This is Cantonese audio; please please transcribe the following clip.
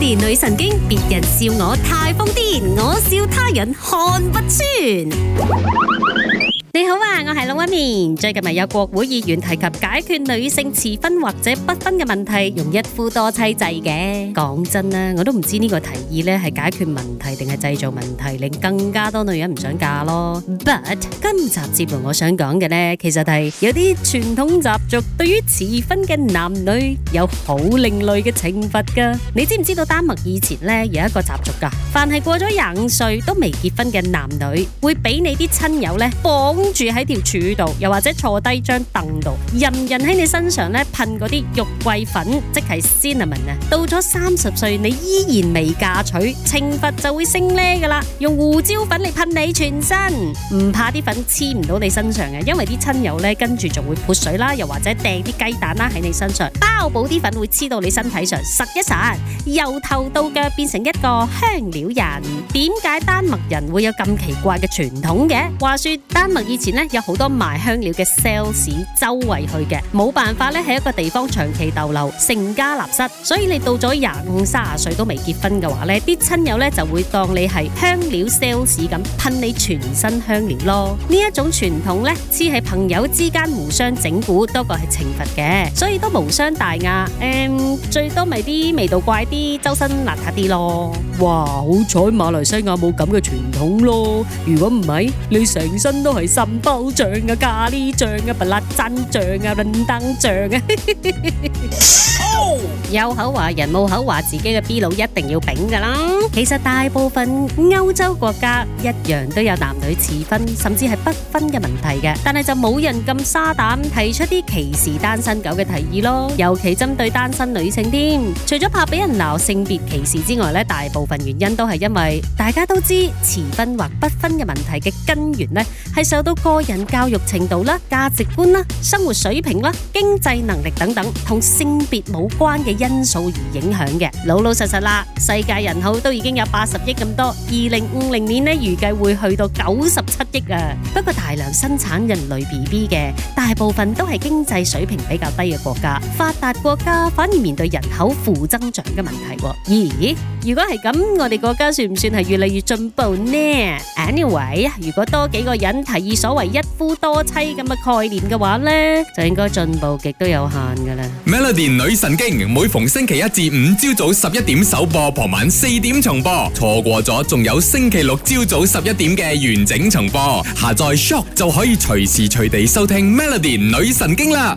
年女神經，別人笑我太瘋癲，我笑他人看不穿。你好啊。係老屈棉，Hello, 最近咪有國會議員提及解決女性遲婚或者不婚嘅問題，用一夫多妻制嘅。講真啦，我都唔知呢個提議咧係解決問題定係製造問題，令更加多女人唔想嫁咯。But 今集節目我想講嘅呢，其實就係有啲傳統習俗，對於遲婚嘅男女有好另類嘅懲罰噶。你知唔知道丹麥以前呢有一個習俗噶，凡係過咗廿五歲都未結婚嘅男女，會俾你啲親友呢綁住喺條。柱度，又或者坐低張凳度，人人喺你身上咧噴嗰啲肉桂粉，即係 cinnamon 啊！到咗三十歲，你依然未嫁娶，懲罰就會升呢噶啦！用胡椒粉嚟噴你全身，唔怕啲粉黐唔到你身上嘅，因為啲親友咧跟住仲會潑水啦，又或者掟啲雞蛋啦喺你身上，包保啲粉會黐到你身體上，實一實，由頭到腳變成一個香料人。點解丹麥人會有咁奇怪嘅傳統嘅？話說丹麥以前咧有。好多賣香料嘅 sales 周圍去嘅，冇辦法咧，喺一個地方長期逗留成家立室，所以你到咗廿五三十歲都未結婚嘅話咧，啲親友咧就會當你係香料 sales 咁噴你全身香料咯。傳呢一種傳統咧，只係朋友之間互相整蠱，多過係懲罰嘅，所以都無傷大雅。誒、嗯，最多咪啲味道怪啲，周身邋遢啲咯。哇，好彩馬來西亞冇咁嘅傳統咯。如果唔係，你成身都係滲包。像啊咖喱醬啊拔辣真醬啊倫燈醬啊， 有口話人冇口話自己嘅 B 佬一定要丙噶啦。其實大部分歐洲國家一樣都有男女遲婚甚至係不婚嘅問題嘅，但係就冇人咁沙膽提出啲歧視單身狗嘅提議咯，尤其針對單身女性添。除咗怕俾人鬧性別歧視之外咧，大部分原因都係因為大家都知遲婚或不婚嘅問題嘅根源咧係受到個人。教育程度啦、價值觀啦、生活水平啦、經濟能力等等，同性別冇關嘅因素而影響嘅。老老實實啦，世界人口都已經有八十億咁多，二零五零年呢，預計會去到九十七億啊。不過大量生產人類 B B 嘅大部分都係經濟水平比較低嘅國家，發達國家反而面對人口負增長嘅問題喎、啊。咦？如果係咁，我哋國家算唔算係越嚟越進步呢？Anyway 啊，如果多幾個人，提議所謂一夫多妻咁嘅概念嘅話呢，就應該進步極都有限噶啦。Melody 女神經每逢星期一至五朝早十一點首播，傍晚四點重播，錯過咗仲有星期六朝早十一點嘅完整重播。下載 Shock 就可以隨時隨地收聽 Melody 女神經啦。